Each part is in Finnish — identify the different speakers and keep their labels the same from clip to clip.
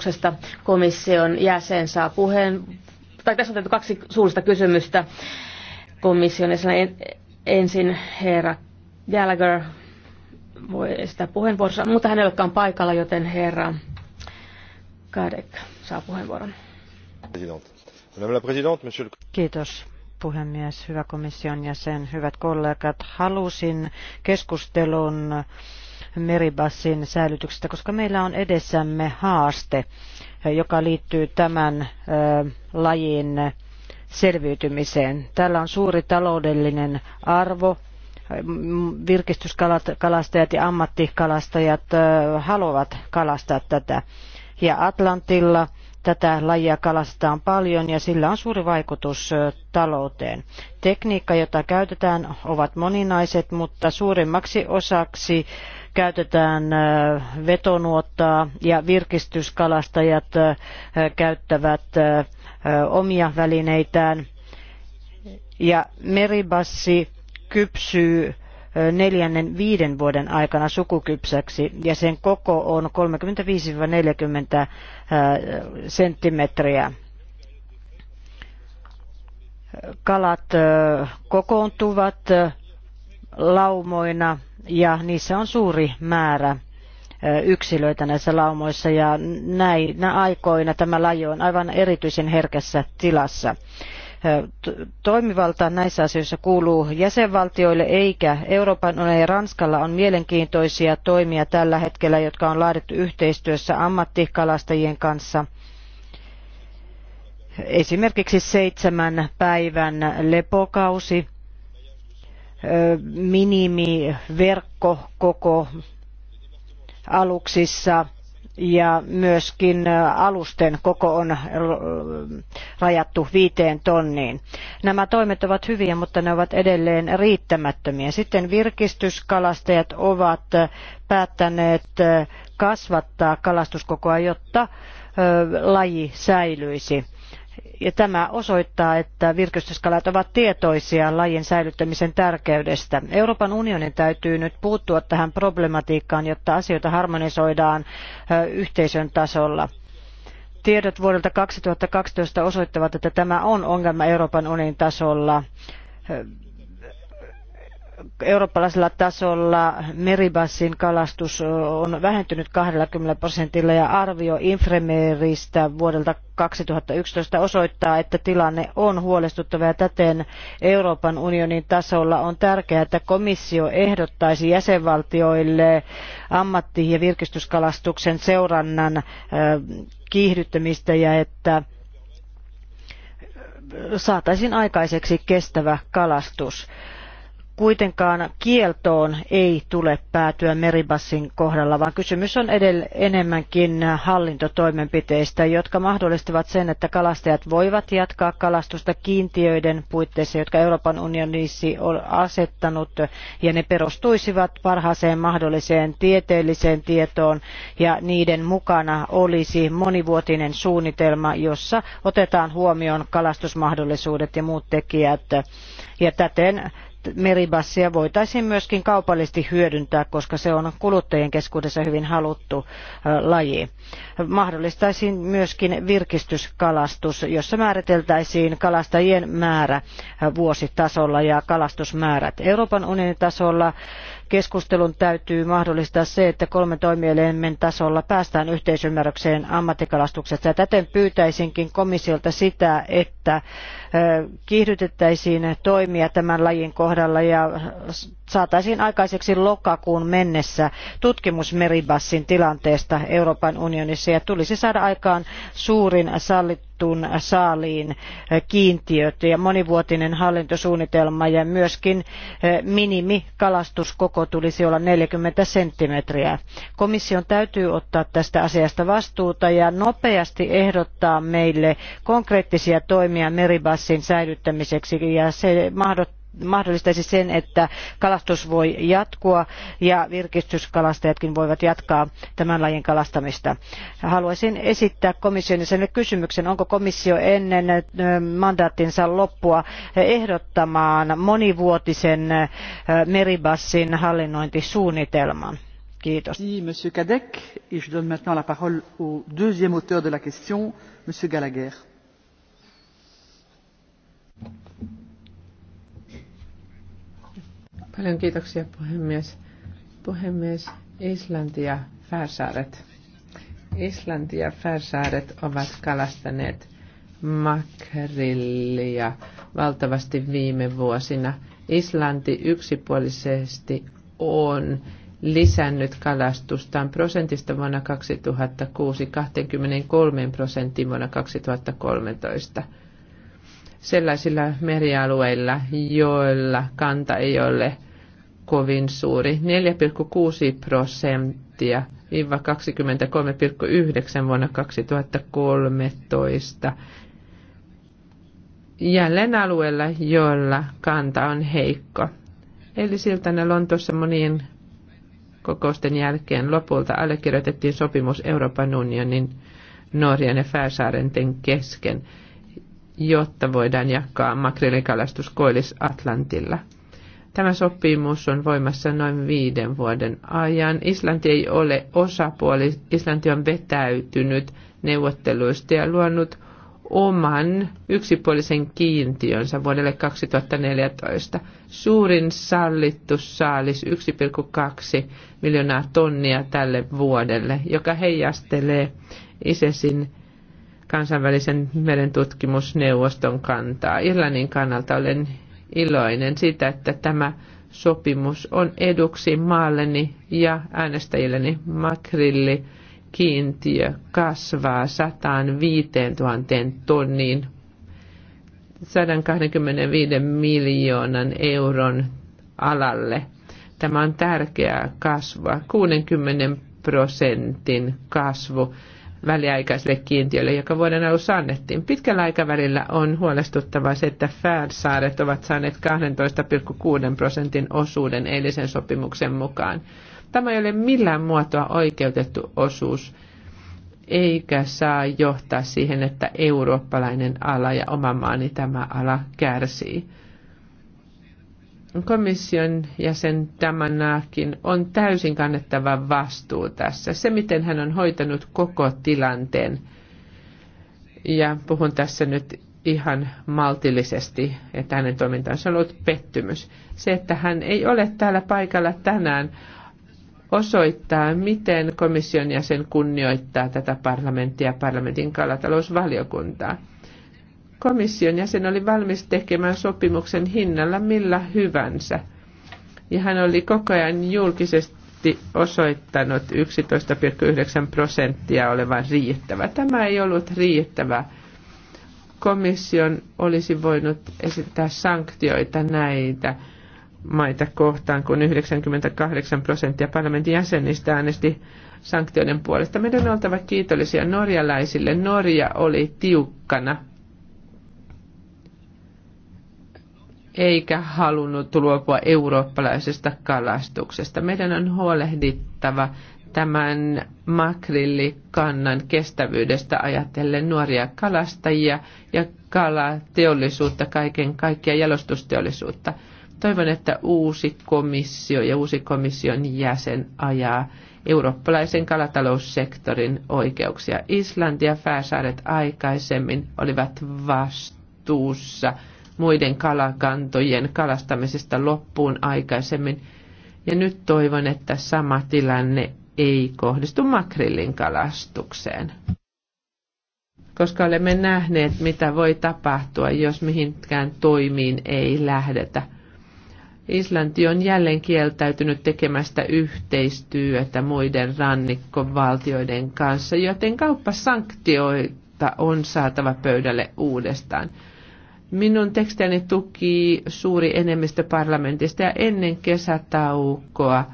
Speaker 1: kokouksesta komission jäsen saa puheen. Tai tässä on otettu kaksi suullista kysymystä komission jäsen. Ensin herra Gallagher voi estää puheenvuorossa, mutta hän ei olekaan paikalla, joten herra Kadek saa puheenvuoron. Kiitos
Speaker 2: puhemies, hyvä komission jäsen, hyvät kollegat. Halusin keskustelun meribassin säilytyksestä, koska meillä on edessämme haaste, joka liittyy tämän lajin selviytymiseen. Tällä on suuri taloudellinen arvo. Virkistyskalastajat ja ammattikalastajat haluavat kalastaa tätä. Ja Atlantilla tätä lajia kalastetaan paljon ja sillä on suuri vaikutus talouteen. Tekniikka, jota käytetään, ovat moninaiset, mutta suurimmaksi osaksi käytetään vetonuottaa ja virkistyskalastajat käyttävät omia välineitään. Ja meribassi kypsyy neljännen viiden vuoden aikana sukukypsäksi ja sen koko on 35-40 senttimetriä. Kalat kokoontuvat laumoina ja niissä on suuri määrä yksilöitä näissä laumoissa ja näinä aikoina tämä laji on aivan erityisen herkässä tilassa. Toimivalta näissä asioissa kuuluu jäsenvaltioille eikä Euroopan unionin ja Ranskalla on mielenkiintoisia toimia tällä hetkellä, jotka on laadittu yhteistyössä ammattikalastajien kanssa. Esimerkiksi seitsemän päivän lepokausi minimiverkkokoko aluksissa ja myöskin alusten koko on rajattu viiteen tonniin. Nämä toimet ovat hyviä, mutta ne ovat edelleen riittämättömiä. Sitten virkistyskalastajat ovat päättäneet kasvattaa kalastuskokoa, jotta laji säilyisi. Ja tämä osoittaa, että virkistyskalat ovat tietoisia lajin säilyttämisen tärkeydestä. Euroopan unionin täytyy nyt puuttua tähän problematiikkaan, jotta asioita harmonisoidaan yhteisön tasolla. Tiedot vuodelta 2012 osoittavat, että tämä on ongelma Euroopan unionin tasolla eurooppalaisella tasolla meribassin kalastus on vähentynyt 20 prosentilla ja arvio Infremeristä vuodelta 2011 osoittaa, että tilanne on huolestuttava ja täten Euroopan unionin tasolla on tärkeää, että komissio ehdottaisi jäsenvaltioille ammatti- ja virkistyskalastuksen seurannan kiihdyttämistä ja että saataisiin aikaiseksi kestävä kalastus. Kuitenkaan kieltoon ei tule päätyä meribassin kohdalla, vaan kysymys on edellä enemmänkin hallintotoimenpiteistä, jotka mahdollistavat sen, että kalastajat voivat jatkaa kalastusta kiintiöiden puitteissa, jotka Euroopan unioni on asettanut, ja ne perustuisivat parhaaseen mahdolliseen tieteelliseen tietoon, ja niiden mukana olisi monivuotinen suunnitelma, jossa otetaan huomioon kalastusmahdollisuudet ja muut tekijät, ja täten meribassia voitaisiin myöskin kaupallisesti hyödyntää, koska se on kuluttajien keskuudessa hyvin haluttu laji. Mahdollistaisiin myöskin virkistyskalastus, jossa määriteltäisiin kalastajien määrä vuositasolla ja kalastusmäärät. Euroopan unionin tasolla keskustelun täytyy mahdollistaa se, että kolmen toimielimen tasolla päästään yhteisymmärrykseen ammattikalastuksesta. Ja täten pyytäisinkin komissiolta sitä, että kiihdytettäisiin toimia tämän lajin kohdalla ja saataisiin aikaiseksi lokakuun mennessä tutkimus meribassin tilanteesta Euroopan unionissa ja tulisi saada aikaan suurin sallittu jaetun saaliin eh, kiintiöt ja monivuotinen hallintosuunnitelma ja myöskin eh, minimikalastuskoko tulisi olla 40 senttimetriä. Komission täytyy ottaa tästä asiasta vastuuta ja nopeasti ehdottaa meille konkreettisia toimia meribassin säilyttämiseksi ja se mahdottaa mahdollistaisi sen, että kalastus voi jatkua ja virkistyskalastajatkin voivat jatkaa tämän lajin kalastamista. Haluaisin esittää komission sen kysymyksen, onko komissio ennen mandaattinsa loppua ehdottamaan monivuotisen meribassin hallinnointisuunnitelman.
Speaker 3: Kiitos. Monsieur Cadec. Et je donne maintenant la parole au deuxième auteur de la question, Monsieur Gallagher
Speaker 4: Paljon kiitoksia puhemies. Puhemies, Islanti ja Färsaaret. Islanti ja Färsaaret ovat kalastaneet makrillia valtavasti viime vuosina. Islanti yksipuolisesti on lisännyt kalastustaan prosentista vuonna 2006 23 prosenttiin vuonna 2013 sellaisilla merialueilla, joilla kanta ei ole – kovin suuri, 4,6 prosenttia viiva 23,9 vuonna 2013. Jälleen alueella, jolla kanta on heikko. Eli ne Lontossa monien kokousten jälkeen lopulta allekirjoitettiin sopimus Euroopan unionin Norjan ja Färsaarenten kesken, jotta voidaan jakaa makrilikalastus Koillis-Atlantilla. Tämä sopimus on voimassa noin viiden vuoden ajan. Islanti ei ole osapuoli. Islanti on vetäytynyt neuvotteluista ja luonut oman yksipuolisen kiintiönsä vuodelle 2014. Suurin sallittu saalis 1,2 miljoonaa tonnia tälle vuodelle, joka heijastelee ISESin kansainvälisen merentutkimusneuvoston kantaa. Irlannin kannalta olen iloinen siitä, että tämä sopimus on eduksi maalleni ja äänestäjilleni makrilli kiintiö kasvaa 105 000 tonniin 125 miljoonan euron alalle. Tämä on tärkeää kasvua, 60 prosentin kasvu väliaikaiselle kiintiölle, joka vuoden alussa annettiin. Pitkällä aikavälillä on huolestuttavaa se, että Färsaaret ovat saaneet 12,6 prosentin osuuden eilisen sopimuksen mukaan. Tämä ei ole millään muotoa oikeutettu osuus, eikä saa johtaa siihen, että eurooppalainen ala ja oma maani tämä ala kärsii komission jäsen Damanakin on täysin kannettava vastuu tässä. Se, miten hän on hoitanut koko tilanteen, ja puhun tässä nyt ihan maltillisesti, että hänen toimintansa on ollut pettymys. Se, että hän ei ole täällä paikalla tänään, osoittaa, miten komission jäsen kunnioittaa tätä parlamenttia parlamentin kalatalousvaliokuntaa komission jäsen oli valmis tekemään sopimuksen hinnalla millä hyvänsä. Ja hän oli koko ajan julkisesti osoittanut 11,9 prosenttia olevan riittävä. Tämä ei ollut riittävä. Komission olisi voinut esittää sanktioita näitä maita kohtaan, kun 98 prosenttia parlamentin jäsenistä äänesti sanktioiden puolesta. Meidän on oltava kiitollisia norjalaisille. Norja oli tiukkana eikä halunnut luopua eurooppalaisesta kalastuksesta. Meidän on huolehdittava tämän makrillikannan kestävyydestä ajatellen nuoria kalastajia ja kalateollisuutta kaiken kaikkiaan jalostusteollisuutta. Toivon, että uusi komissio ja uusi komission jäsen ajaa eurooppalaisen kalataloussektorin oikeuksia. Islanti ja Färsaaret aikaisemmin olivat vastuussa – muiden kalakantojen kalastamisesta loppuun aikaisemmin. Ja nyt toivon, että sama tilanne ei kohdistu makrillin kalastukseen. Koska olemme nähneet, mitä voi tapahtua, jos mihinkään toimiin ei lähdetä. Islanti on jälleen kieltäytynyt tekemästä yhteistyötä muiden rannikkovaltioiden kanssa, joten kauppasanktioita on saatava pöydälle uudestaan. Minun tekstiäni tuki suuri enemmistö parlamentista ja ennen kesätaukoa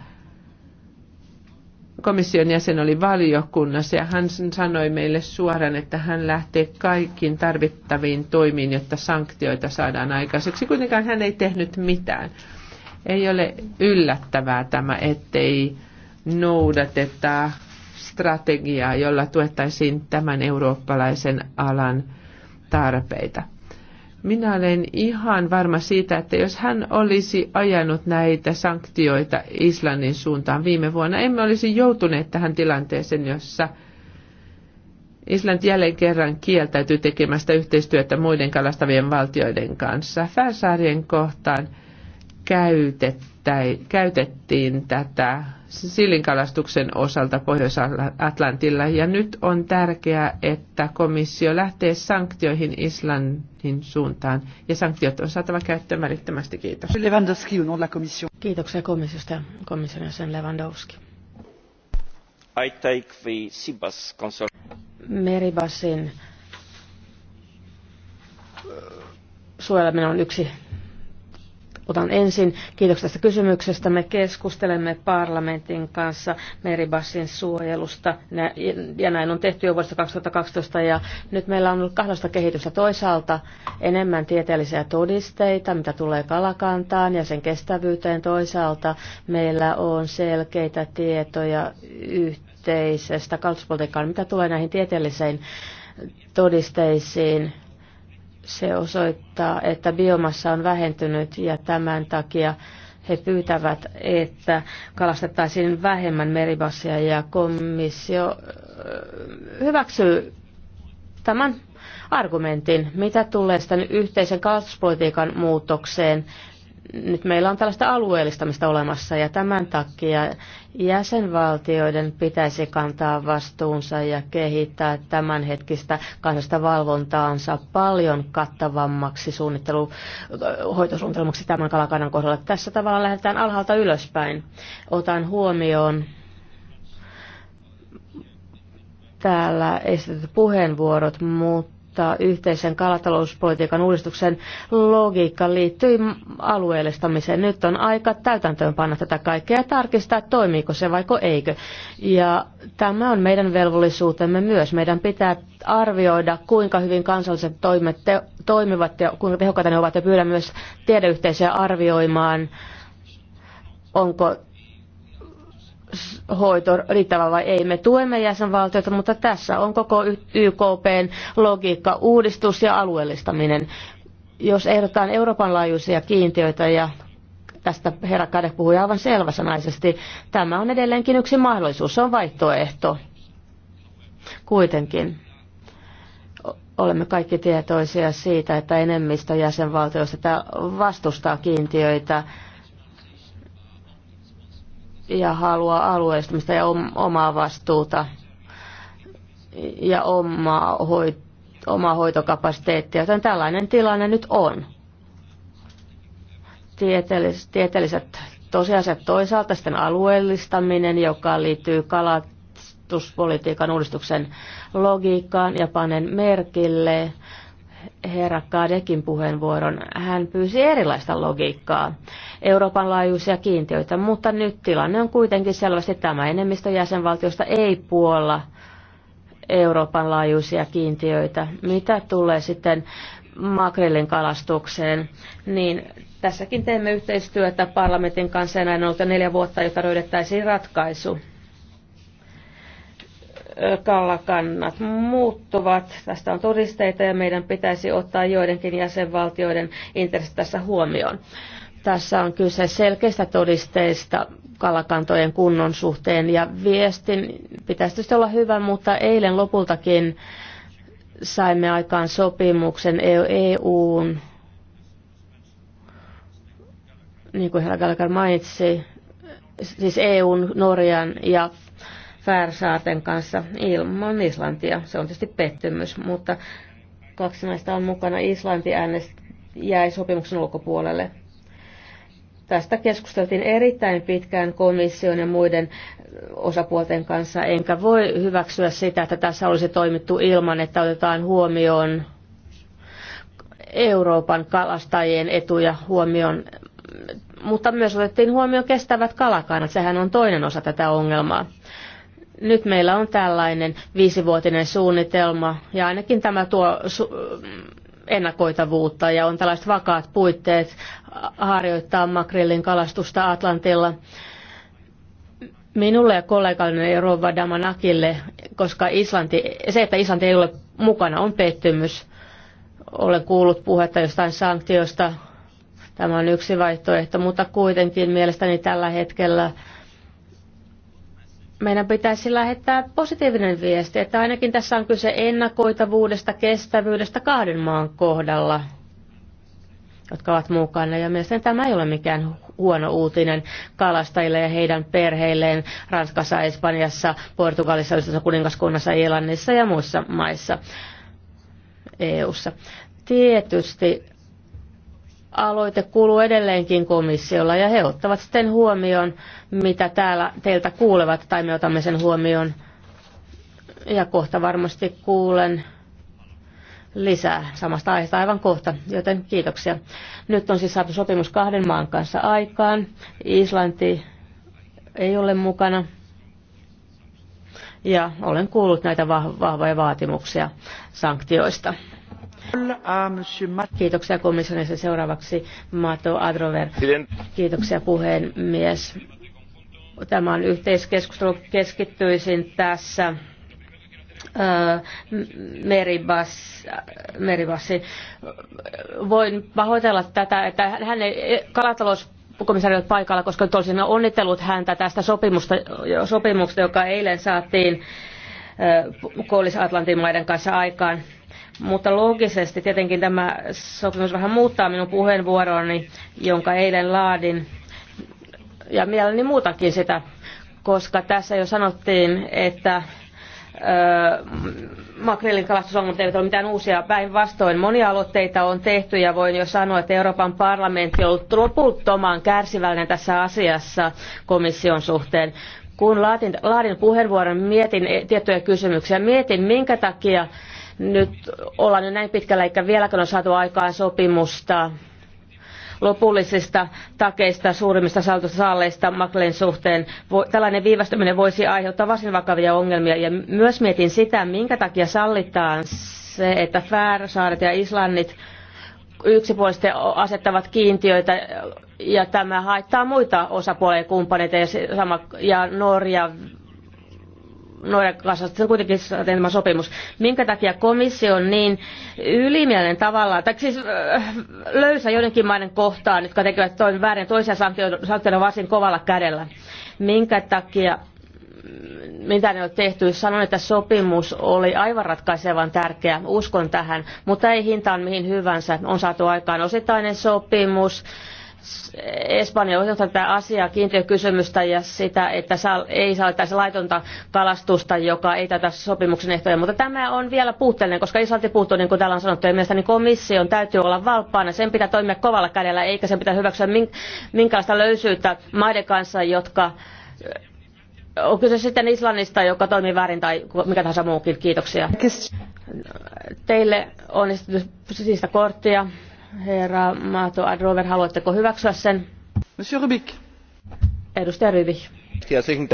Speaker 4: komission jäsen oli valiokunnassa ja hän sanoi meille suoraan, että hän lähtee kaikkiin tarvittaviin toimiin, jotta sanktioita saadaan aikaiseksi. Kuitenkaan hän ei tehnyt mitään. Ei ole yllättävää tämä, ettei noudateta strategiaa, jolla tuettaisiin tämän eurooppalaisen alan tarpeita. Minä olen ihan varma siitä, että jos hän olisi ajanut näitä sanktioita Islannin suuntaan viime vuonna, emme olisi joutuneet tähän tilanteeseen, jossa Islanti jälleen kerran kieltäytyy tekemästä yhteistyötä muiden kalastavien valtioiden kanssa. Färsaarien kohtaan käytettiin tätä silinkalastuksen osalta Pohjois-Atlantilla. Ja nyt on tärkeää, että komissio lähtee sanktioihin Islannin suuntaan. Ja sanktiot on saatava käyttöön välittömästi. Kiitos.
Speaker 1: Lewandowski, on la komission. Kiitoksia komissiosta, komission jäsen Lewandowski.
Speaker 4: I take the Sibas Meribasin
Speaker 1: suojeleminen on yksi otan ensin. Kiitoksia tästä kysymyksestä. Me keskustelemme parlamentin kanssa meribassin suojelusta ja näin on tehty jo vuodesta 2012 ja nyt meillä on ollut kahdesta kehitystä. Toisaalta enemmän tieteellisiä todisteita, mitä tulee kalakantaan ja sen kestävyyteen. Toisaalta meillä on selkeitä tietoja yhteisestä kalastuspolitiikkaan, mitä tulee näihin tieteellisiin todisteisiin se osoittaa, että biomassa on vähentynyt ja tämän takia he pyytävät, että kalastettaisiin vähemmän meribassia ja komissio hyväksyy tämän argumentin, mitä tulee sitten yhteisen kalastuspolitiikan muutokseen, nyt meillä on tällaista alueellistamista olemassa ja tämän takia jäsenvaltioiden pitäisi kantaa vastuunsa ja kehittää tämänhetkistä kansallista valvontaansa paljon kattavammaksi suunnittelu, hoitosuunnitelmaksi tämän kalakannan kohdalla. Tässä tavalla lähdetään alhaalta ylöspäin. Otan huomioon täällä esitetyt puheenvuorot, mutta mutta yhteisen kalatalouspolitiikan uudistuksen logiikka liittyy alueellistamiseen. Nyt on aika täytäntöönpanna tätä kaikkea ja tarkistaa, toimiiko se vaiko eikö. Ja tämä on meidän velvollisuutemme myös. Meidän pitää arvioida, kuinka hyvin kansalliset toimet te- toimivat ja kuinka tehokkaita ne ovat ja pyydän myös tiedeyhteisöä arvioimaan, onko hoito riittävä vai ei. Me tuemme jäsenvaltioita, mutta tässä on koko YKPn logiikka, uudistus ja alueellistaminen. Jos ehdotetaan Euroopan laajuisia kiintiöitä ja tästä herra Kade puhui aivan selväsanaisesti, tämä on edelleenkin yksi mahdollisuus, se on vaihtoehto. Kuitenkin olemme kaikki tietoisia siitä, että enemmistö jäsenvaltioista vastustaa kiintiöitä ja haluaa alueellistamista ja omaa vastuuta ja omaa, hoit- omaa hoitokapasiteettia, joten tällainen tilanne nyt on. Tieteellis- tieteelliset tosiasiat toisaalta sitten alueellistaminen, joka liittyy kalastuspolitiikan uudistuksen logiikkaan ja panen merkille herra Kadekin puheenvuoron. Hän pyysi erilaista logiikkaa, Euroopan laajuisia kiintiöitä, mutta nyt tilanne on kuitenkin selvästi tämä. Enemmistö jäsenvaltiosta ei puolla Euroopan laajuisia kiintiöitä. Mitä tulee sitten makrillin kalastukseen, niin tässäkin teemme yhteistyötä parlamentin kanssa ja näin on ollut neljä vuotta, jotta löydettäisiin ratkaisu kalakannat muuttuvat. Tästä on todisteita ja meidän pitäisi ottaa joidenkin jäsenvaltioiden intressit tässä huomioon. Tässä on kyse selkeistä todisteista kalakantojen kunnon suhteen ja viestin pitäisi tietysti olla hyvä, mutta eilen lopultakin saimme aikaan sopimuksen EUn, e niin kuin herra Gallagher mainitsi, siis EUn, Norjan ja Färsaarten kanssa ilman Islantia. Se on tietysti pettymys, mutta kaksi naista on mukana. Islanti äänest jäi sopimuksen ulkopuolelle. Tästä keskusteltiin erittäin pitkään komission ja muiden osapuolten kanssa, enkä voi hyväksyä sitä, että tässä olisi toimittu ilman, että otetaan huomioon Euroopan kalastajien etuja huomioon, mutta myös otettiin huomioon kestävät kalakannat. Sehän on toinen osa tätä ongelmaa nyt meillä on tällainen viisivuotinen suunnitelma ja ainakin tämä tuo ennakoitavuutta ja on tällaiset vakaat puitteet harjoittaa makrillin kalastusta Atlantilla. Minulle ja kollegalle Rova Damanakille, koska Islanti, se, että Islanti ei ole mukana, on pettymys. Olen kuullut puhetta jostain sanktiosta. Tämä on yksi vaihtoehto, mutta kuitenkin mielestäni tällä hetkellä meidän pitäisi lähettää positiivinen viesti, että ainakin tässä on kyse ennakoitavuudesta, kestävyydestä kahden maan kohdalla, jotka ovat mukana. Ja mielestäni tämä ei ole mikään huono uutinen kalastajille ja heidän perheilleen Ranskassa, Espanjassa, Portugalissa, yhdessä kuningaskunnassa, Irlannissa ja muissa maissa EU-ssa. Tietysti aloite kuuluu edelleenkin komissiolla ja he ottavat sitten huomioon, mitä täällä teiltä kuulevat, tai me otamme sen huomioon. Ja kohta varmasti kuulen lisää samasta aiheesta aivan kohta, joten kiitoksia. Nyt on siis saatu sopimus kahden maan kanssa aikaan. Islanti ei ole mukana. Ja olen kuullut näitä vahvoja vaatimuksia sanktioista. Kiitoksia komissionissa. Seuraavaksi Mato Adrover. Kiitoksia puheenmies. Tämä on yhteiskeskustelu. Keskittyisin tässä äh, meribas, meribassi. Voin pahoitella tätä, että hän ei, kalatalous komissaari paikalla, koska nyt olisin onnitellut häntä tästä sopimusta, sopimuksesta, joka eilen saatiin äh, koolis atlantin maiden kanssa aikaan. Mutta loogisesti tietenkin tämä sopimus vähän muuttaa minun puheenvuoroni, jonka eilen laadin, ja mielelläni muutakin sitä, koska tässä jo sanottiin, että öö, makrelin kalastusongelmat eivät ole mitään uusia. Päinvastoin monia aloitteita on tehty ja voin jo sanoa, että Euroopan parlamentti on ollut loputtoman kärsivällinen tässä asiassa komission suhteen. Kun laadin, laadin puheenvuoron, mietin e- tiettyjä kysymyksiä. Mietin, minkä takia nyt ollaan jo näin pitkällä, eikä vieläkään ole saatu aikaan sopimusta lopullisista takeista suurimmista saldosta saaleista Maklen suhteen. Tällainen viivästyminen voisi aiheuttaa varsin vakavia ongelmia ja myös mietin sitä, minkä takia sallitaan se, että Färsaaret ja Islannit yksipuolisesti asettavat kiintiöitä ja tämä haittaa muita osapuolia kumppaneita ja, sama, ja Norja Norjan kanssa se kuitenkin saatiin tämä sopimus. Minkä takia komissio on niin ylimielinen tavallaan, tai siis äh, löysä joidenkin maiden kohtaan, jotka tekevät toinen väärin toisia sanktioita varsin kovalla kädellä. Minkä takia mm, mitä ne on tehty. Sanon, että sopimus oli aivan ratkaisevan tärkeä, uskon tähän, mutta ei hintaan mihin hyvänsä. On saatu aikaan osittainen sopimus, Espanja on johtanut tätä asiaa, kiintiökysymystä ja sitä, että ei sallittaisi laitonta kalastusta, joka ei täytä sopimuksen ehtoja. Mutta tämä on vielä puutteellinen, koska Islanti puuttuu, niin kuin täällä on sanottu, ja mielestäni komission täytyy olla valppaana. Sen pitää toimia kovalla kädellä, eikä sen pitää hyväksyä minkälaista löysyyttä maiden kanssa, jotka on kyse sitten Islannista, joka toimii väärin tai mikä tahansa muukin. Kiitoksia. Teille on esitetty siis korttia. Herra Mato Adrover,
Speaker 4: haluatteko hyväksyä sen? Monsieur Rubik? Edustaja Rybik. Herzlichen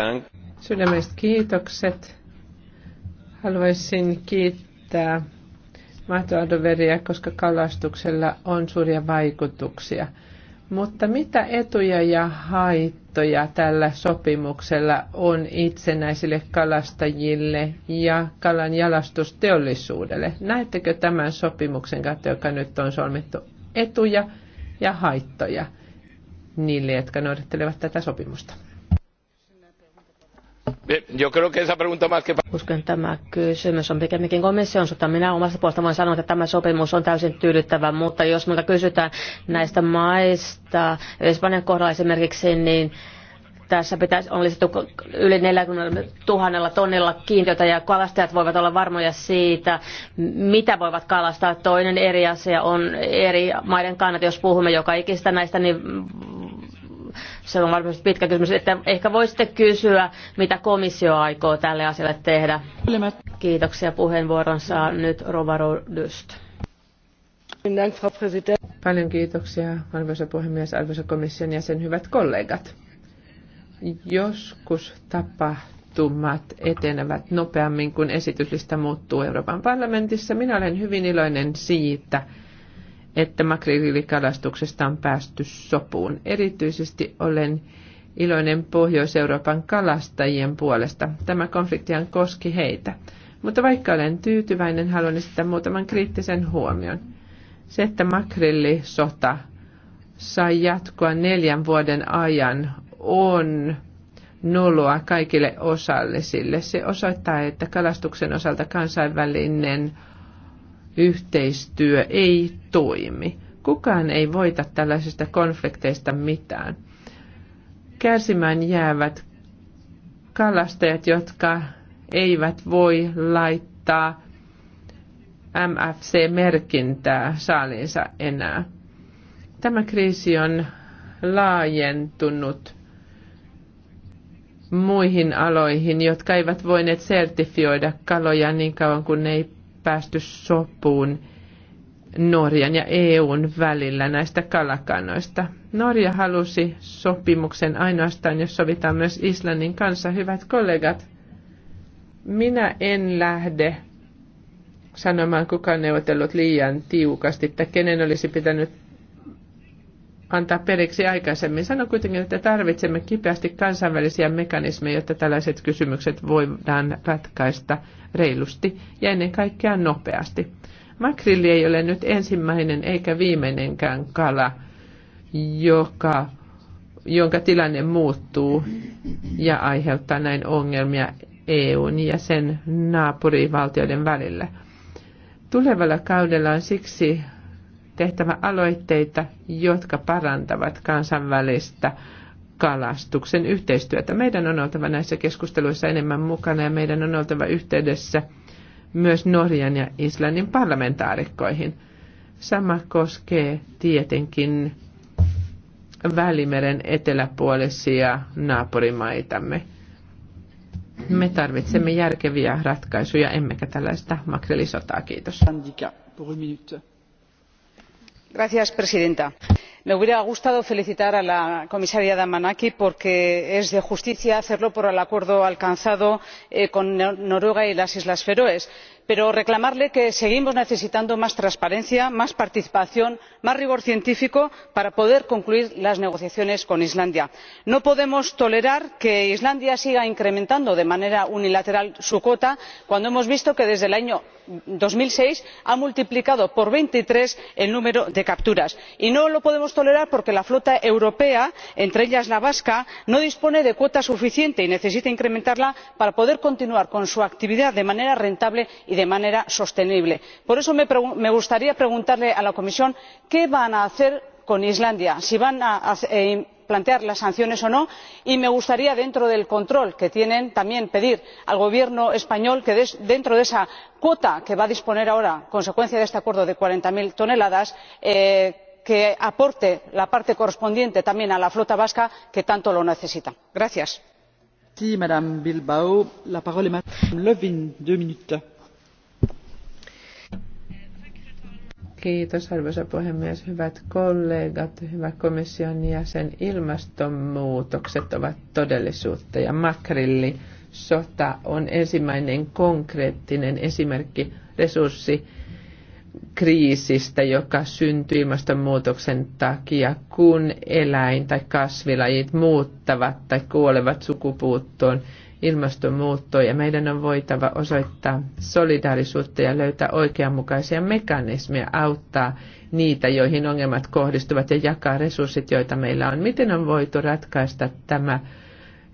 Speaker 4: Sydämestä kiitokset. Haluaisin kiittää Mato Adroveria, koska kalastuksella on suuria vaikutuksia. Mutta mitä etuja ja haittoja tällä sopimuksella on itsenäisille kalastajille ja kalan jalastusteollisuudelle? Näettekö tämän sopimuksen kautta, joka nyt on solmittu etuja ja haittoja niille, jotka noudattelevat tätä sopimusta? Uskon, että tämä kysymys on pikemminkin komission
Speaker 1: suhteen. Minä omasta puolestani voin sanoa, että tämä sopimus on täysin tyydyttävä, mutta jos minulta kysytään näistä maista, Espanjan kohdalla esimerkiksi, niin tässä pitäisi, on lisätty yli 40 000 tonnilla kiintiötä ja kalastajat voivat olla varmoja siitä, mitä voivat kalastaa. Toinen eri asia on eri maiden kannat, jos puhumme joka ikistä näistä, niin se on varmasti pitkä kysymys, että ehkä voisitte kysyä, mitä komissio aikoo tälle asialle tehdä. Kiitoksia saa
Speaker 4: nyt Rova Rodyst. Paljon kiitoksia, arvoisa puhemies, arvoisa komission jäsen, hyvät kollegat. Joskus tapahtumat etenevät nopeammin, kun esityslista muuttuu Euroopan parlamentissa. Minä olen hyvin iloinen siitä, että makrillikalastuksesta on päästy sopuun. Erityisesti olen iloinen Pohjois-Euroopan kalastajien puolesta. Tämä konfliktihan koski heitä. Mutta vaikka olen tyytyväinen, haluan esittää muutaman kriittisen huomion. Se, että makrillisota sai jatkoa neljän vuoden ajan, on noloa kaikille osallisille. Se osoittaa, että kalastuksen osalta kansainvälinen yhteistyö ei toimi. Kukaan ei voita tällaisista konflikteista mitään. Kärsimään jäävät kalastajat, jotka eivät voi laittaa MFC-merkintää saaliinsa enää. Tämä kriisi on laajentunut muihin aloihin, jotka eivät voineet sertifioida kaloja niin kauan kuin ne ei päästy sopuun Norjan ja EUn välillä näistä kalakannoista. Norja halusi sopimuksen ainoastaan, jos sovitaan myös Islannin kanssa. Hyvät kollegat, minä en lähde sanomaan, kuka on neuvotellut liian tiukasti, että kenen olisi pitänyt antaa periksi aikaisemmin. Sano kuitenkin, että tarvitsemme kipeästi kansainvälisiä mekanismeja, jotta tällaiset kysymykset voidaan ratkaista reilusti ja ennen kaikkea nopeasti. Makrilli ei ole nyt ensimmäinen eikä viimeinenkään kala, joka, jonka tilanne muuttuu ja aiheuttaa näin ongelmia EUn ja sen naapurivaltioiden välillä. Tulevalla kaudella on siksi tehtävä aloitteita, jotka parantavat kansainvälistä kalastuksen yhteistyötä. Meidän on oltava näissä keskusteluissa enemmän mukana ja meidän on oltava yhteydessä myös Norjan ja Islannin parlamentaarikkoihin. Sama koskee tietenkin Välimeren eteläpuolisia naapurimaitamme. Me tarvitsemme järkeviä ratkaisuja, emmekä tällaista makrelisotaa. Kiitos
Speaker 3: señora presidenta me hubiera gustado felicitar a la comisaria damanaki porque es de justicia hacerlo por el acuerdo alcanzado eh, con noruega y las islas feroe pero reclamarle que seguimos necesitando más transparencia más participación más rigor científico para poder concluir las negociaciones con islandia. no podemos tolerar que islandia siga incrementando de manera unilateral su cuota cuando hemos visto que desde el año dos mil seis ha multiplicado por veintitrés el número de capturas y no lo podemos tolerar porque la flota europea entre ellas la vasca no dispone de cuota suficiente y necesita incrementarla para poder continuar con su actividad de manera rentable y de manera sostenible. por eso me gustaría preguntarle a la comisión qué van a hacer con islandia si van a eh, plantear las sanciones o no y me gustaría dentro del control que tienen también pedir al gobierno español que dentro de esa cuota que va a disponer ahora a consecuencia de este acuerdo de cuarenta cero toneladas eh, aporte la parte correspondiente también a la flota vasca que tanto lo necesita.
Speaker 4: Kiitos arvoisa puhemies, hyvät kollegat, hyvä komission jäsen. Ilmastonmuutokset ovat todellisuutta ja makrilli sota on ensimmäinen konkreettinen esimerkki resurssikriisistä, joka syntyy ilmastonmuutoksen takia, kun eläin- tai kasvilajit muuttavat tai kuolevat sukupuuttoon – ilmastonmuutto ja meidän on voitava osoittaa solidaarisuutta ja löytää oikeanmukaisia mekanismeja auttaa niitä, joihin ongelmat kohdistuvat ja jakaa resurssit, joita meillä on. Miten on voitu ratkaista tämä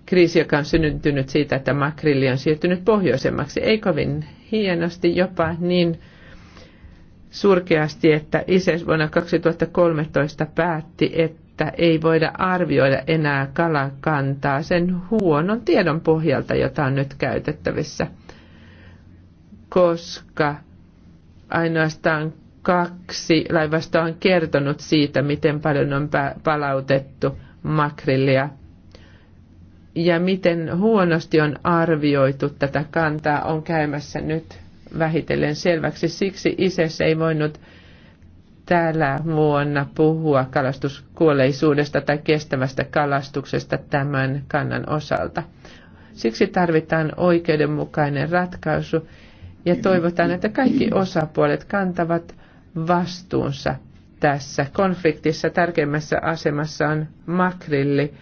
Speaker 4: kriisi, joka on syntynyt siitä, että makrilli on siirtynyt pohjoisemmaksi? Ei kovin hienosti, jopa niin surkeasti, että ISIS vuonna 2013 päätti, että että ei voida arvioida enää kalakantaa sen huonon tiedon pohjalta, jota on nyt käytettävissä, koska ainoastaan kaksi laivasta on kertonut siitä, miten paljon on palautettu makrillia ja miten huonosti on arvioitu tätä kantaa on käymässä nyt vähitellen selväksi. Siksi ISES ei voinut täällä vuonna puhua kalastuskuolleisuudesta tai kestävästä kalastuksesta tämän kannan osalta. Siksi tarvitaan oikeudenmukainen ratkaisu ja toivotaan, että kaikki osapuolet kantavat vastuunsa tässä konfliktissa. Tärkeimmässä asemassa on makrilli.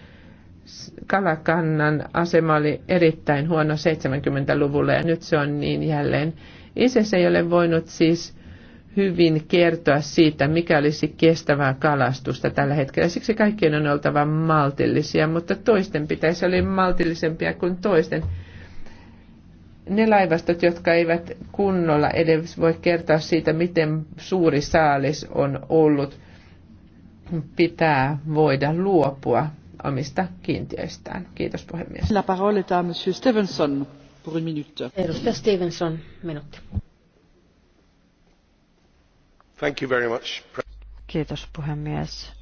Speaker 4: Kalakannan asema oli erittäin huono 70-luvulla ja nyt se on niin jälleen. ISIS ei ole voinut siis hyvin kertoa siitä, mikä olisi kestävää kalastusta tällä hetkellä. Siksi kaikkien on oltava maltillisia, mutta toisten pitäisi olla maltillisempia kuin toisten. Ne laivastot, jotka eivät kunnolla edes voi kertoa siitä, miten suuri saalis on ollut, pitää voida luopua omista kiintiöistään. Kiitos puhemies. La parole est à monsieur Stevenson pour une minute. Edustaja
Speaker 1: Stevenson, minuutti arvoisa
Speaker 2: Kiitos puhemies.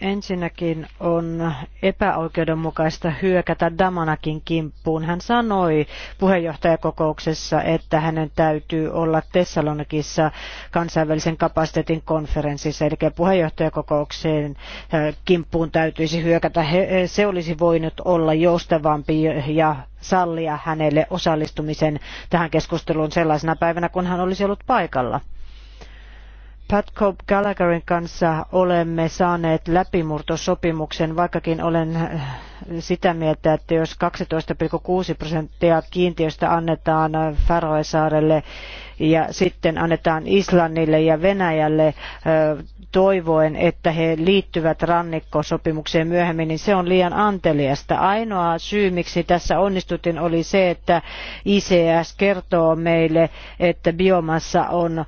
Speaker 2: Ensinnäkin on epäoikeudenmukaista hyökätä Damanakin kimppuun. Hän sanoi puheenjohtajakokouksessa, että hänen täytyy olla Thessalonikissa kansainvälisen kapasiteetin konferenssissa, eli puheenjohtajakokoukseen äh, kimppuun täytyisi hyökätä. Äh, se olisi voinut olla joustavampi ja sallia hänelle osallistumisen tähän keskusteluun sellaisena päivänä, kun hän olisi ollut paikalla. Pat Cope Gallagherin kanssa olemme saaneet läpimurtosopimuksen, vaikkakin olen sitä mieltä, että jos 12,6 prosenttia kiintiöstä annetaan Faroe-saarelle, ja sitten annetaan Islannille ja Venäjälle toivoen, että he liittyvät rannikkosopimukseen myöhemmin, niin se on liian anteliasta. Ainoa syy, miksi tässä onnistutin, oli se, että ICS kertoo meille, että biomassa on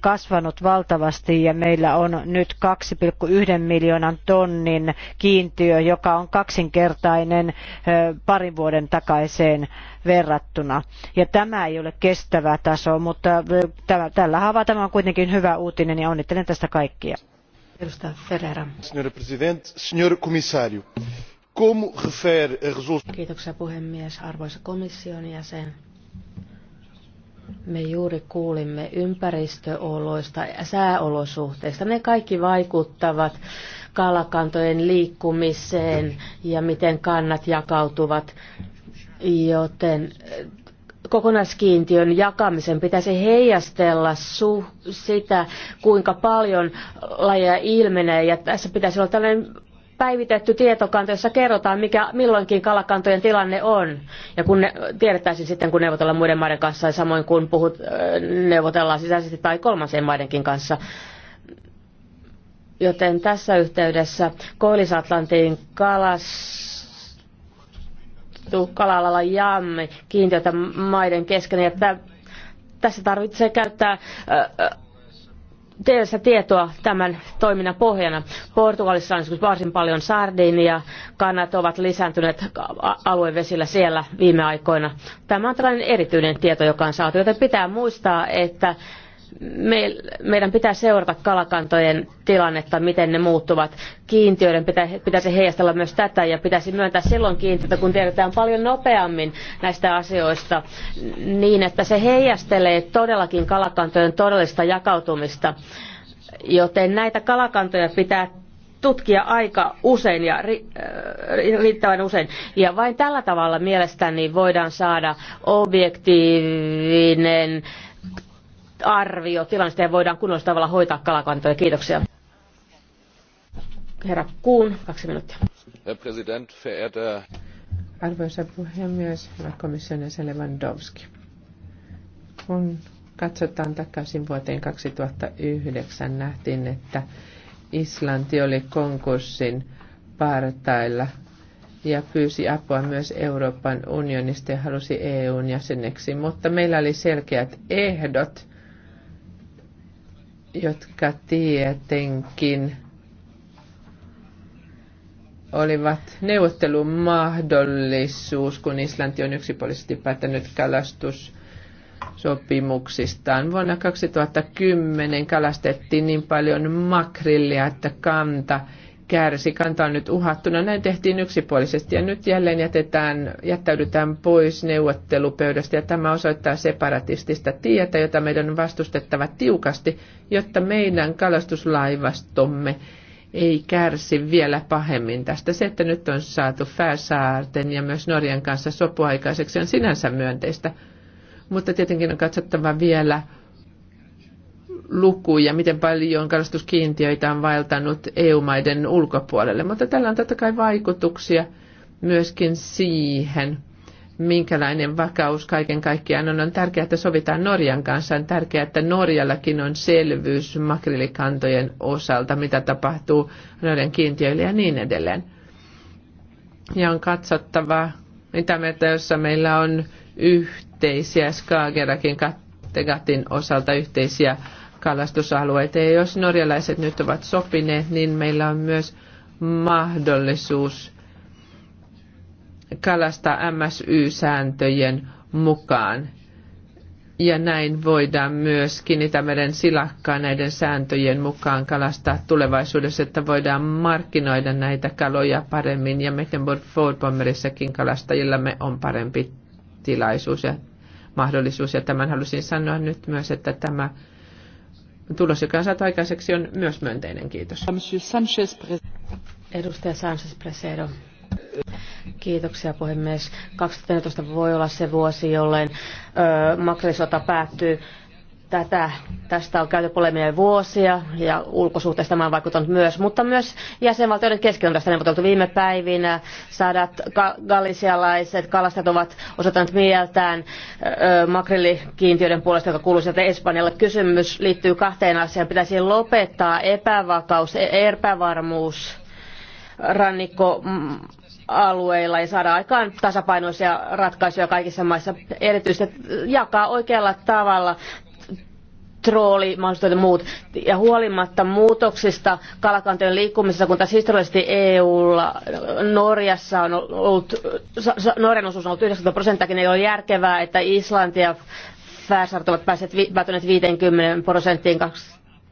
Speaker 2: kasvanut valtavasti ja meillä on nyt 2,1 miljoonan tonnin kiintiö, joka on kaksinkertainen parin vuoden takaiseen verrattuna. Ja tämä ei ole kestävä taso, mutta tämä, tällä haavaa tämä on kuitenkin hyvä uutinen ja onnittelen tästä kaikkia. Edustaja Ferreira.
Speaker 3: Presidente, senhor Comissário, como refere a resolução... Kiitoksia
Speaker 1: puhemies, arvoisa komission jäsen. Me juuri kuulimme ympäristöoloista ja sääolosuhteista. Ne kaikki vaikuttavat kalakantojen liikkumiseen ja miten kannat jakautuvat. Joten eh, kokonaiskiintiön jakamisen pitäisi heijastella su- sitä, kuinka paljon lajeja ilmenee. Ja tässä pitäisi olla tällainen päivitetty tietokanta, jossa kerrotaan, mikä milloinkin kalakantojen tilanne on. Ja kun ne, tiedettäisiin sitten, kun neuvotellaan muiden maiden kanssa ja samoin kun puhut, eh, neuvotellaan sisäisesti tai kolmansien maidenkin kanssa. Joten tässä yhteydessä Koillis-Atlantin kalas sovittu kalalalla jamme kiintiötä maiden kesken. Ja tä, tässä tarvitsee käyttää teillä tietoa tämän toiminnan pohjana. Portugalissa on varsin paljon sardinia, kannat ovat lisääntyneet aluevesillä siellä viime aikoina. Tämä on tällainen erityinen tieto, joka on saatu, joten pitää muistaa, että meidän pitää seurata kalakantojen tilannetta, miten ne muuttuvat. Kiintiöiden pitäisi heijastella myös tätä ja pitäisi myöntää silloin kiintiötä, kun tiedetään paljon nopeammin näistä asioista, niin että se heijastelee todellakin kalakantojen todellista jakautumista. Joten näitä kalakantoja pitää tutkia aika usein ja äh, riittävän usein. Ja vain tällä tavalla mielestäni voidaan saada objektiivinen arvio tilanteesta ja voidaan kunnollisella tavalla hoitaa kalakantoja. Kiitoksia.
Speaker 4: Herra Kuun, kaksi minuuttia.
Speaker 2: Herr Präsident,
Speaker 4: Arvoisa puhemies, hyvä komission jäsen Lewandowski. Kun katsotaan takaisin vuoteen 2009, nähtiin, että Islanti oli konkurssin partailla ja pyysi apua myös Euroopan unionista ja halusi EUn jäseneksi, mutta meillä oli selkeät ehdot jotka tietenkin olivat neuvottelun mahdollisuus, kun Islanti on yksipuolisesti päättänyt sopimuksistaan Vuonna 2010 kalastettiin niin paljon makrillia, että kanta kärsi, kanta on nyt uhattuna. Näin tehtiin yksipuolisesti ja nyt jälleen jätetään, jättäydytään pois neuvottelupöydästä ja tämä osoittaa separatistista tietä, jota meidän on vastustettava tiukasti, jotta meidän kalastuslaivastomme ei kärsi vielä pahemmin tästä. Se, että nyt on saatu Färsaarten ja myös Norjan kanssa sopuaikaiseksi on sinänsä myönteistä, mutta tietenkin on katsottava vielä lukuja, miten paljon kalastuskiintiöitä on vaeltanut EU-maiden ulkopuolelle, mutta tällä on totta kai vaikutuksia myöskin siihen, minkälainen vakaus kaiken kaikkiaan on. On tärkeää, että sovitaan Norjan kanssa. On tärkeää, että Norjallakin on selvyys makrilikantojen osalta, mitä tapahtuu Norjan kiintiöille ja niin edelleen. Ja on katsottava Itämerta, jossa meillä on yhteisiä Skagerakin Kattegatin osalta yhteisiä kalastusalueita. Ja jos norjalaiset nyt ovat sopineet, niin meillä on myös mahdollisuus kalastaa MSY-sääntöjen mukaan. Ja näin voidaan myös Itämeren silakkaa näiden sääntöjen mukaan kalastaa tulevaisuudessa, että voidaan markkinoida näitä kaloja paremmin. Ja Mecklenburg-Vorpommerissakin kalastajillamme on parempi tilaisuus ja mahdollisuus. Ja tämän halusin sanoa nyt myös, että tämä tulos, joka on saatu aikaiseksi, on myös myönteinen. Kiitos. Edustaja Sanchez Presedo. Kiitoksia puhemies.
Speaker 1: 2014 voi olla se vuosi, jolloin makrisota päättyy. Tätä, tästä on käyty polemia vuosia ja ulkosuhteista tämä on vaikuttanut myös, mutta myös jäsenvaltioiden kesken on tästä neuvoteltu viime päivinä. Sadat galisialaiset kalastajat ovat osoittaneet mieltään öö, makrillikiintiöiden puolesta, joka kuuluu sieltä Espanjalle. Kysymys liittyy kahteen asiaan. Pitäisi lopettaa epävakaus, e-, epävarmuus rannikko mm, alueilla ja saada aikaan tasapainoisia ratkaisuja kaikissa maissa, erityisesti jakaa oikealla tavalla troolimahdollisuudet ja muut. Ja huolimatta muutoksista kalakantojen liikkumisessa, kun taas historiallisesti EUlla Norjassa on ollut, Norjan osuus on ollut 90 prosenttia, ei ole järkevää, että Islanti ja Färsart ovat päässeet, päätyneet 50 prosenttiin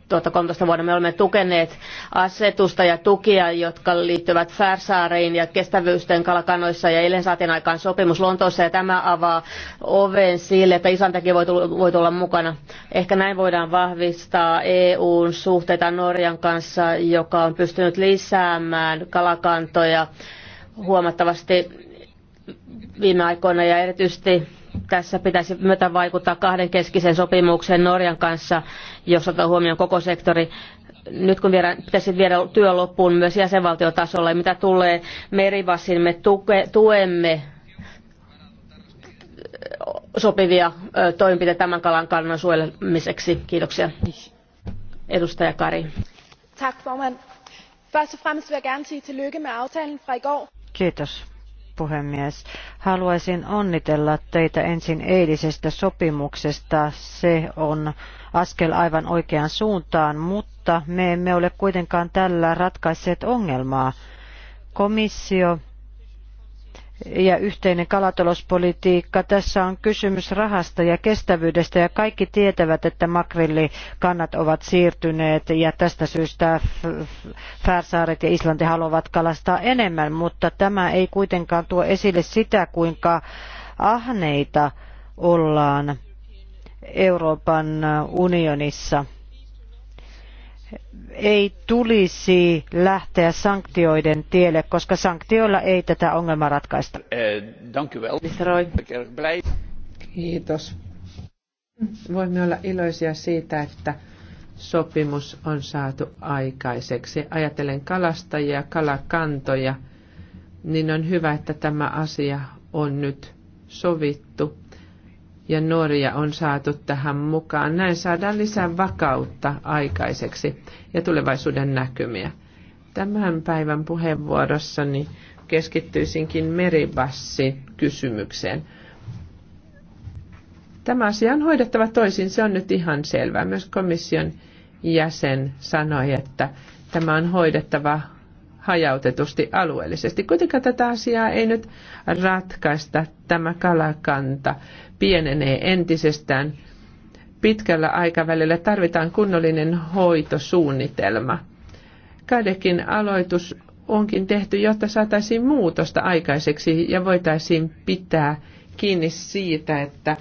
Speaker 1: 2013 vuonna me olemme tukeneet asetusta ja tukia, jotka liittyvät Färsaariin ja kestävyysten kalakanoissa ja eilen saatiin aikaan sopimus Lontoossa ja tämä avaa oven sille, että isäntäkin voi tulla, voi tulla mukana. Ehkä näin voidaan vahvistaa EUn suhteita Norjan kanssa, joka on pystynyt lisäämään kalakantoja huomattavasti viime aikoina ja erityisesti tässä pitäisi myötävaikuttaa vaikuttaa sopimukseen Norjan kanssa, jossa otetaan huomioon koko sektori. Nyt kun viedä, pitäisi viedä työ loppuun myös jäsenvaltiotasolla, ja mitä tulee merivassin, me tuke, tuemme sopivia toimenpiteitä tämän kalan kannan suojelemiseksi. Kiitoksia. Edustaja Kari.
Speaker 2: Tack, Kiitos puhemies. Haluaisin onnitella teitä ensin eilisestä sopimuksesta. Se on askel aivan oikeaan suuntaan, mutta me emme ole kuitenkaan tällä ratkaisseet ongelmaa. Komissio ja yhteinen kalatalouspolitiikka. Tässä on kysymys rahasta ja kestävyydestä ja kaikki tietävät, että makrillikannat ovat siirtyneet ja tästä syystä Färsaaret ja Islanti haluavat kalastaa enemmän, mutta tämä ei kuitenkaan tuo esille sitä, kuinka ahneita ollaan Euroopan unionissa – ei tulisi lähteä sanktioiden tielle, koska sanktioilla ei tätä ongelmaa ratkaista.
Speaker 3: Eh,
Speaker 4: Kiitos. Voimme olla iloisia siitä, että sopimus on saatu aikaiseksi. Ajatellen kalastajia, kalakantoja, niin on hyvä, että tämä asia on nyt sovittu ja Norja on saatu tähän mukaan. Näin saadaan lisää vakautta aikaiseksi ja tulevaisuuden näkymiä. Tämän päivän puheenvuorossani keskittyisinkin meribassi kysymykseen. Tämä asia on hoidettava toisin, se on nyt ihan selvää. Myös komission jäsen sanoi, että tämä on hoidettava hajautetusti alueellisesti. Kuitenkaan tätä asiaa ei nyt ratkaista. Tämä kalakanta pienenee entisestään. Pitkällä aikavälillä tarvitaan kunnollinen hoitosuunnitelma. Kadekin aloitus onkin tehty, jotta saataisiin muutosta aikaiseksi ja voitaisiin pitää kiinni siitä, että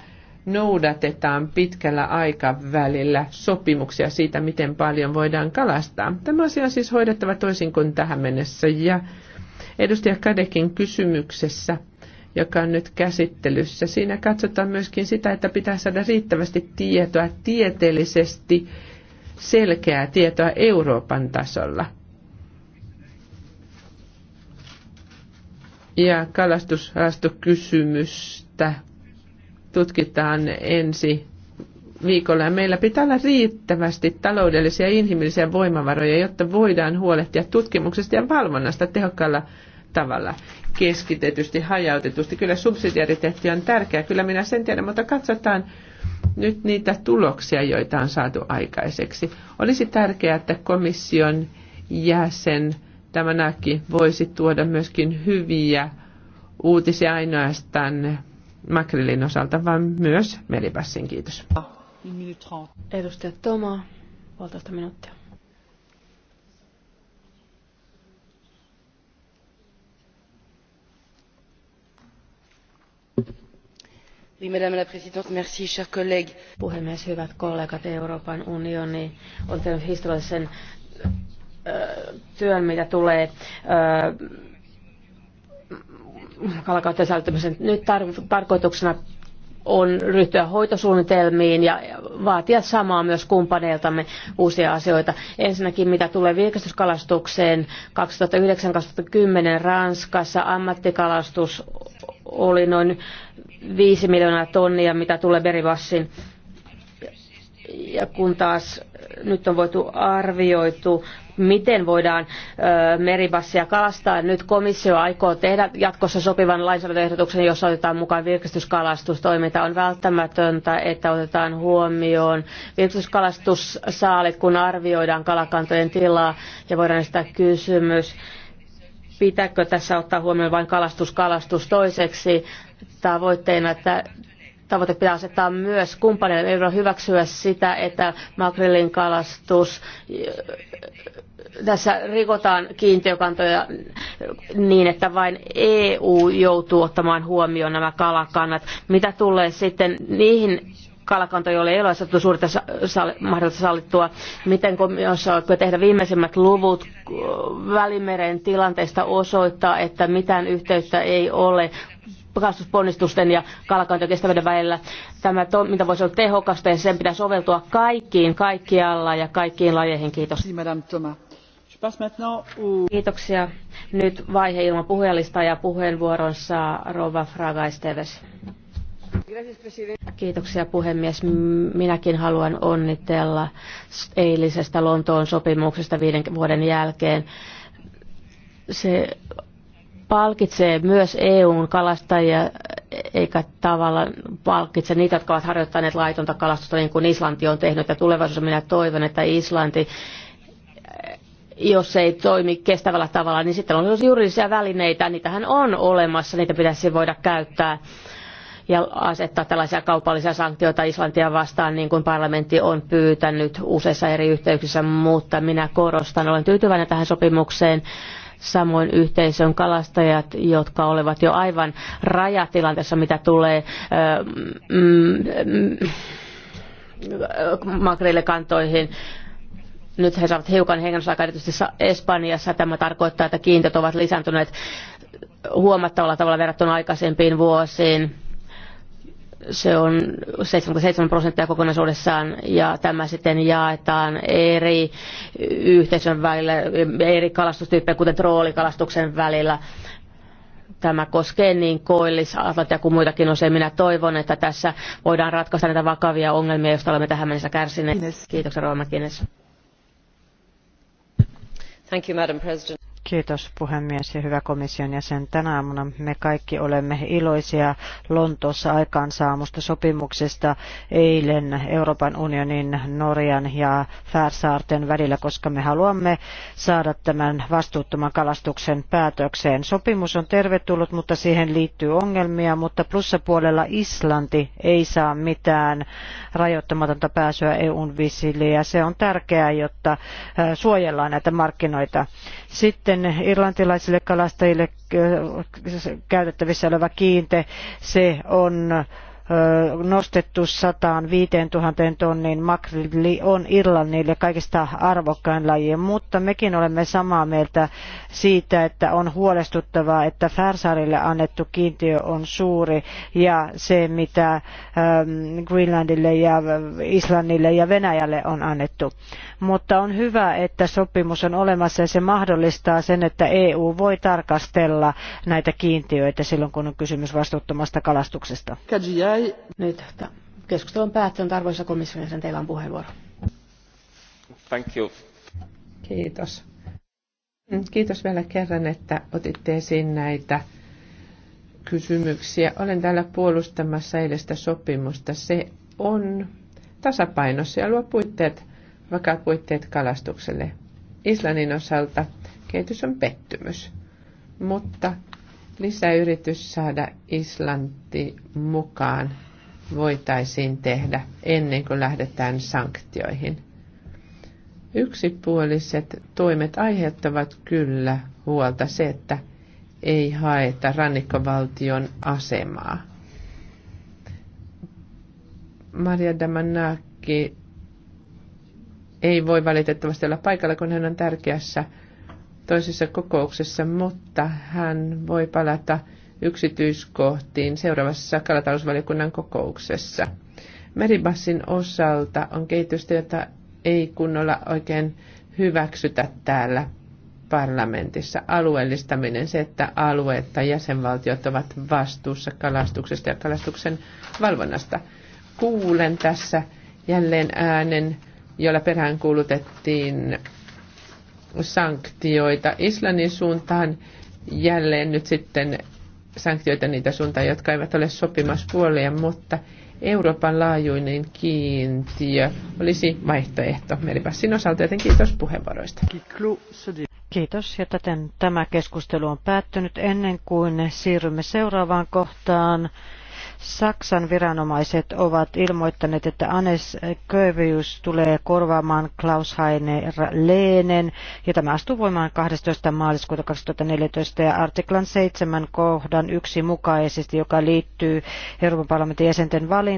Speaker 4: noudatetaan pitkällä aikavälillä sopimuksia siitä, miten paljon voidaan kalastaa. Tämä asia on siis hoidettava toisin kuin tähän mennessä. Ja edustaja Kadekin kysymyksessä, joka on nyt käsittelyssä, siinä katsotaan myöskin sitä, että pitää saada riittävästi tietoa tieteellisesti, selkeää tietoa Euroopan tasolla. Ja kalastusrastokysymystä tutkitaan ensi viikolla. Ja meillä pitää olla riittävästi taloudellisia ja inhimillisiä voimavaroja, jotta voidaan huolehtia tutkimuksesta ja valvonnasta tehokkaalla tavalla keskitetysti, hajautetusti. Kyllä subsidiariteetti on tärkeä, kyllä minä sen tiedän, mutta katsotaan nyt niitä tuloksia, joita on saatu aikaiseksi. Olisi tärkeää, että komission jäsen tämänäkin voisi tuoda myöskin hyviä uutisia ainoastaan Makrilin osalta, vaan myös meripassin. Kiitos.
Speaker 1: Edustaja Toma, puolitoista minuuttia. madame la présidente chers collègues puhemies hyvät kollegat euroopan unioni on tehnyt historiallisen työn mitä tulee kalakautta säilyttämisen. Nyt tar- tarkoituksena on ryhtyä hoitosuunnitelmiin ja vaatia samaa myös kumppaneiltamme uusia asioita. Ensinnäkin mitä tulee virkistyskalastukseen, 2009-2010 Ranskassa ammattikalastus oli noin 5 miljoonaa tonnia, mitä tulee Berivassin. Ja kun taas nyt on voitu arvioitu miten voidaan meribassia kalastaa. Nyt komissio aikoo tehdä jatkossa sopivan lainsäädäntöehdotuksen, jossa otetaan mukaan virkistyskalastustoiminta. On välttämätöntä, että otetaan huomioon virkistyskalastussaalit, kun arvioidaan kalakantojen tilaa ja voidaan esittää kysymys pitääkö tässä ottaa huomioon vain kalastus kalastus toiseksi tavoitteena, että tavoite pitää asettaa myös kumppaneille, ei ole hyväksyä sitä, että makrelin kalastus, äh, tässä rikotaan kiintiökantoja niin, että vain EU joutuu ottamaan huomioon nämä kalakannat. Mitä tulee sitten niihin kalakantoja, joille ei ole asetettu suurta mahdollista sallittua. Miten komissio alkoi tehdä viimeisimmät luvut äh, Välimeren tilanteesta osoittaa, että mitään yhteyttä ei ole kalastusponnistusten ja kalakantojen välillä. Tämä toiminta voisi olla tehokasta ja sen pitää soveltua kaikkiin, kaikkialla ja kaikkiin lajeihin. Kiitos. Kiitoksia. Nyt vaihe ilman puhujalista ja puheenvuoron saa Rova Fraga Esteves. Kiitoksia puhemies. Minäkin haluan onnitella eilisestä Lontoon sopimuksesta viiden vuoden jälkeen. Se palkitsee myös EUn kalastajia, eikä tavallaan palkitse niitä, jotka ovat harjoittaneet laitonta kalastusta niin kuin Islanti on tehnyt. Ja tulevaisuudessa minä toivon, että Islanti jos ei toimi kestävällä tavalla, niin sitten on juridisia välineitä, niitähän on olemassa, niitä pitäisi voida käyttää ja asettaa tällaisia kaupallisia sanktioita Islantia vastaan, niin kuin parlamentti on pyytänyt useissa eri yhteyksissä, mutta minä korostan, olen tyytyväinen tähän sopimukseen samoin yhteisön kalastajat, jotka olivat jo aivan rajatilanteessa, mitä tulee mm, mm, makrelikantoihin. Nyt he saavat hiukan hengenosaa, erityisesti Espanjassa. Tämä tarkoittaa, että kiintiöt ovat lisääntyneet huomattavalla tavalla verrattuna aikaisempiin vuosiin se on 77 prosenttia kokonaisuudessaan ja tämä sitten jaetaan eri yhteisön välillä, eri kalastustyyppejä, kuten troolikalastuksen välillä. Tämä koskee niin koillisatlantia kuin muitakin osia. Minä toivon, että tässä voidaan ratkaista näitä vakavia ongelmia, joista olemme tähän mennessä kärsineet. Kiitoksia, Roomakines.
Speaker 2: Thank you, Madam President. Kiitos puhemies ja hyvä komission jäsen. Tänä aamuna me kaikki olemme iloisia Lontoossa aikaansaamusta sopimuksesta eilen Euroopan unionin, Norjan ja Färsaarten välillä, koska me haluamme saada tämän vastuuttoman kalastuksen päätökseen. Sopimus on tervetullut, mutta siihen liittyy ongelmia, mutta plussapuolella Islanti ei saa mitään rajoittamatonta pääsyä EUn visille ja se on tärkeää, jotta äh, suojellaan näitä markkinoita. Sitten irlantilaisille kalastajille käytettävissä oleva kiinte, se on nostettu 105 000 tonnin makrilli on Irlannille kaikista arvokkain laji, mutta mekin olemme samaa mieltä siitä, että on huolestuttavaa, että Färsarille annettu kiintiö on suuri ja se mitä ähm, Greenlandille ja äh, Islannille ja Venäjälle on annettu. Mutta on hyvä, että sopimus on olemassa ja se mahdollistaa sen, että EU voi tarkastella näitä kiintiöitä silloin, kun on kysymys vastuuttomasta
Speaker 1: kalastuksesta. Kajia nyt keskustelu on päättynyt. Arvoisa komission jäsen, teillä on puheenvuoro. Thank you.
Speaker 4: Kiitos. Kiitos vielä kerran, että otitte esiin näitä kysymyksiä. Olen täällä puolustamassa eilistä sopimusta. Se on tasapainossa ja luo puitteet, vakaat puitteet kalastukselle. Islannin osalta kehitys on pettymys, mutta lisäyritys saada Islanti mukaan voitaisiin tehdä ennen kuin lähdetään sanktioihin. Yksipuoliset toimet aiheuttavat kyllä huolta se, että ei haeta rannikkovaltion asemaa. Maria Damanaki ei voi valitettavasti olla paikalla, kun hän on tärkeässä toisessa kokouksessa, mutta hän voi palata yksityiskohtiin seuraavassa kalatalousvaliokunnan kokouksessa. Meribassin osalta on kehitystä, jota ei kunnolla oikein hyväksytä täällä parlamentissa. Alueellistaminen, se, että alueet tai jäsenvaltiot ovat vastuussa kalastuksesta ja kalastuksen valvonnasta. Kuulen tässä jälleen äänen, jolla peräänkuulutettiin sanktioita Islannin suuntaan, jälleen nyt sitten sanktioita niitä suuntaan, jotka eivät ole sopimaspuolia, mutta Euroopan laajuinen kiintiö olisi vaihtoehto meripassin osalta, joten kiitos puheenvuoroista. Kiitos ja
Speaker 2: täten tämä keskustelu on päättynyt ennen kuin siirrymme seuraavaan kohtaan. Saksan viranomaiset ovat ilmoittaneet, että Anes Kövius tulee korvaamaan Klaus Heine Leenen ja tämä astuu voimaan 12. maaliskuuta 2014 ja artiklan 7 kohdan yksi mukaisesti, joka liittyy Euroopan parlamentin jäsenten valintaan